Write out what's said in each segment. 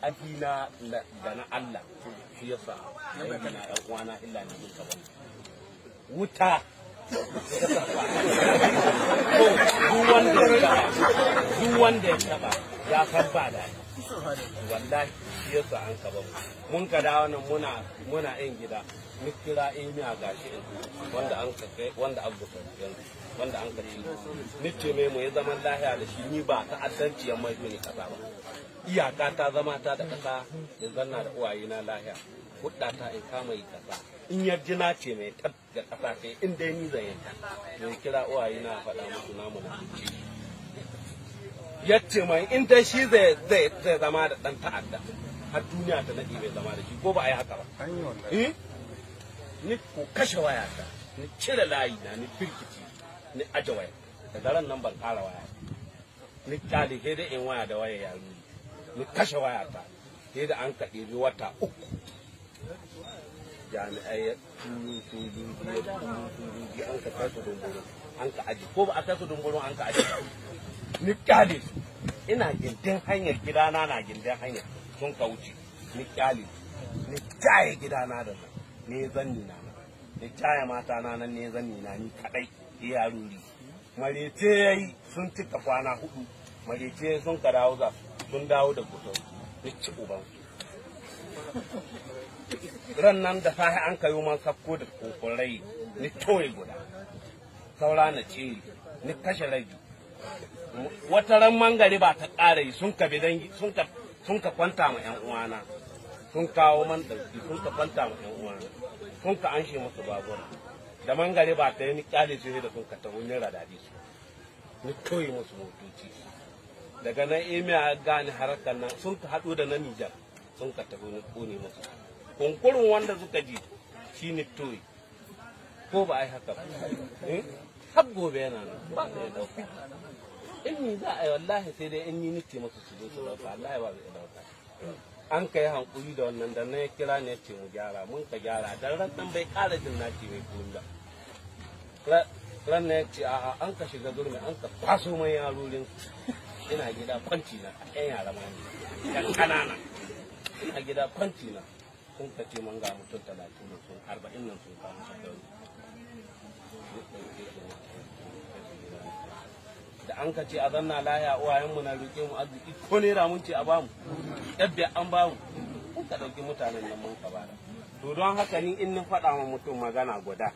ƙafi da na Allah shi yasa ya na ƴan uwana illa ne mun kaba wuta duk wanda ya taɓa ya san ba da wallahi shi yasa an ka bamu mun ka dawo muna muna gida mun kira gashi wanda an ka kai wanda an buka yanzu wanda an ka ci mai mu ya zama lahiya da shi ni ba ta'addanci yan mai ne kasa ba iyaka ta zama ta da kasa ya zanna da uwaye na lahiya hudda ta in kama yi kasa in yarji na ce mai tab da kasa sai ni zan yanka mai kira uwaye na faɗa musu namu na ce ya ce mai in dai shi zai zai zama da dan ta'adda har duniya ta nadi bai zama da shi ko ba a yi haka ba eh ni ko kashe waya ta ni cire layi na ni firkici ni aje waya da daren nan ban kara waya ni kyale sai da in waya da waya ya nuni ni kashe waya ta sai da an kaɗe wata uku jami'ai ya turu turu ya turu an ka kai su dumburin an ka aji ko ba a kai su dumburin an ka aji ni kyale ina gindin hanyar gidana na gindin hanyar sun ka wuce ni kyale ni gidana da nan ne ni na ni jaye mata na nan ne ni na ni kadai iya ruri marece yayi sun cika kwana hudu marece sun ka dawo za sun dawo da kuto ni ci uban ran nan da sahi an kayo man sakko da kokorai ni toye guda saura na ce ni kashe rabi wata ran mangari ba ta ƙara yi sun ka bidan sun ka sun ka kwanta ma yan uwana sun kawo man da sun ka kwanta ma yan uwana sun ka shi musu babura da mangari ba ta yi ƙyale su da sun ka ta wunin radadi su ni koyi musu motoci daga nan emiya gane harakar nan sun ka haɗu da na nijar sun ka ta ni ƙone musu kunkurin wanda suka ji shi ni toye ko ba a yi haka ba eh? har gobe yana nan ba mai in ni za a yi wallahi sai dai in yi nike masu su zo su dauka wallahi ba zai dauka an ka yi hankuri da wannan da na ya kira ne ce mu gyara mun ka gyara dan ran nan bai kara jin na ce mai kunda ran na ya ce a'a an ka shiga zurmi an ka kwaso mai yarorin ina gida kwanci na yan yara ma ne yan kanana ina gida kwanci na kun ka ce mun ga mutum talatin sun arba'in nan sun kawo shekaru an ka ce a zanna laya mu na roƙe mu arziki ko naira mun ce a bamu ɗabbe an bamu kun ka ɗauki mutanen nan mun ka bada to don haka ni in na faɗa ma mutum magana guda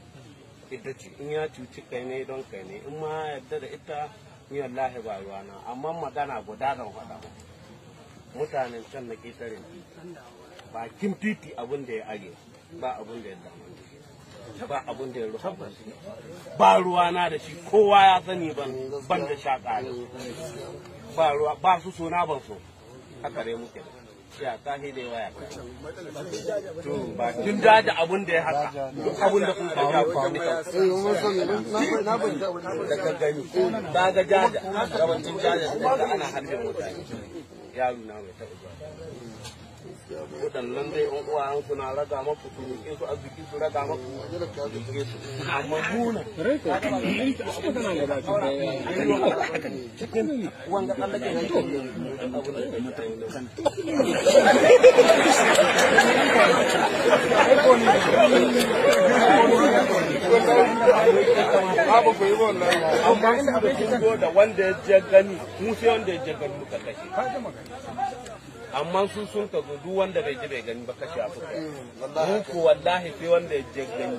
ita ce in ya cuci kai ne don kai ne in ma yadda da ita ni wallahi ba na amma magana guda zan faɗa mutanen can na ƙetaren ba bakin titi abin da ya age ba abin da ya ne. ba abun da ya rufa ba ba ruwa na da shi kowa ya sani ban ban da shaka ne ba ruwa ba su so na ban so haka dai muke da ya ta da waya to ba kin da abun da ya haka duk abun da kun ga ya faru na ban da ka gani ba ga jaja da wancan jaja da ana hande mota yaro na mai taɓa waɗannan dai yan uwa suna raga maku su rike su arziki su raga maku rike su amma muna cikin wanda Allah ke rage abu da mutane babu ku yi wannan amma da wanda ya je gani mu sai wanda ya je gani muka kashe amma sun sun ka zo duk wanda bai ji bai gani ba kashe abu mm, mun ku wallahi sai wanda ya je gani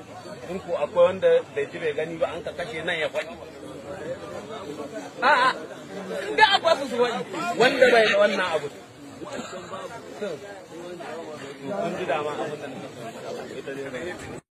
mun ku akwai wanda bai ji bai gani ba an ka kashe nan ya faɗi a'a da akwai su faɗi wanda bai da wannan abu kun ji dama abin da